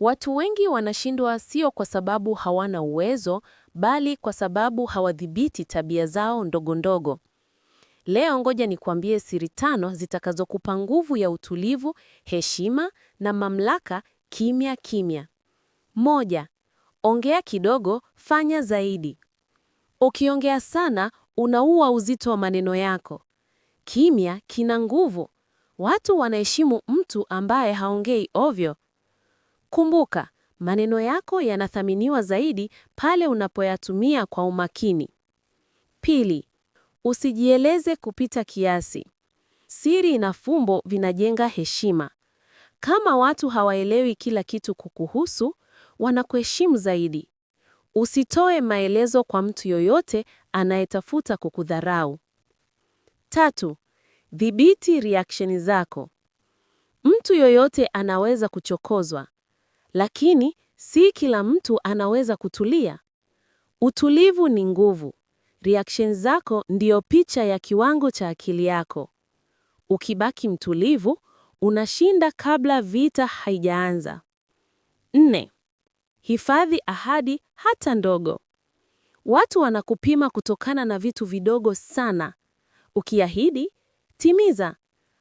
Watu wengi wanashindwa sio kwa sababu hawana uwezo, bali kwa sababu hawadhibiti tabia zao ndogo ndogo. Leo ngoja nikuambie siri tano zitakazokupa nguvu ya utulivu, heshima na mamlaka kimya kimya. Moja, ongea kidogo, fanya zaidi. Ukiongea sana, unaua uzito wa maneno yako. Kimya kina nguvu. Watu wanaheshimu mtu ambaye haongei ovyo. Kumbuka, maneno yako yanathaminiwa zaidi pale unapoyatumia kwa umakini. Pili, usijieleze kupita kiasi. Siri na fumbo vinajenga heshima. Kama watu hawaelewi kila kitu kukuhusu, wanakuheshimu zaidi. Usitoe maelezo kwa mtu yoyote anayetafuta kukudharau. Tatu, dhibiti reaction zako. Mtu yoyote anaweza kuchokozwa, lakini si kila mtu anaweza kutulia. Utulivu ni nguvu. Reaction zako ndiyo picha ya kiwango cha akili yako. Ukibaki mtulivu, unashinda kabla vita haijaanza. Nne, hifadhi ahadi hata ndogo. Watu wanakupima kutokana na vitu vidogo sana. Ukiahidi, timiza.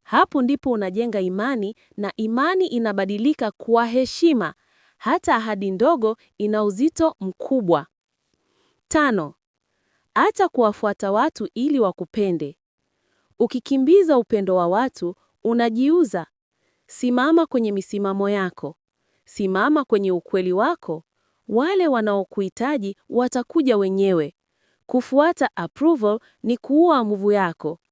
Hapo ndipo unajenga imani na imani inabadilika kuwa heshima. Hata ahadi ndogo ina uzito mkubwa. Tano, acha kuwafuata watu ili wakupende. Ukikimbiza upendo wa watu, unajiuza. Simama kwenye misimamo yako. Simama kwenye ukweli wako. Wale wanaokuhitaji watakuja wenyewe. Kufuata approval ni kuua nguvu yako.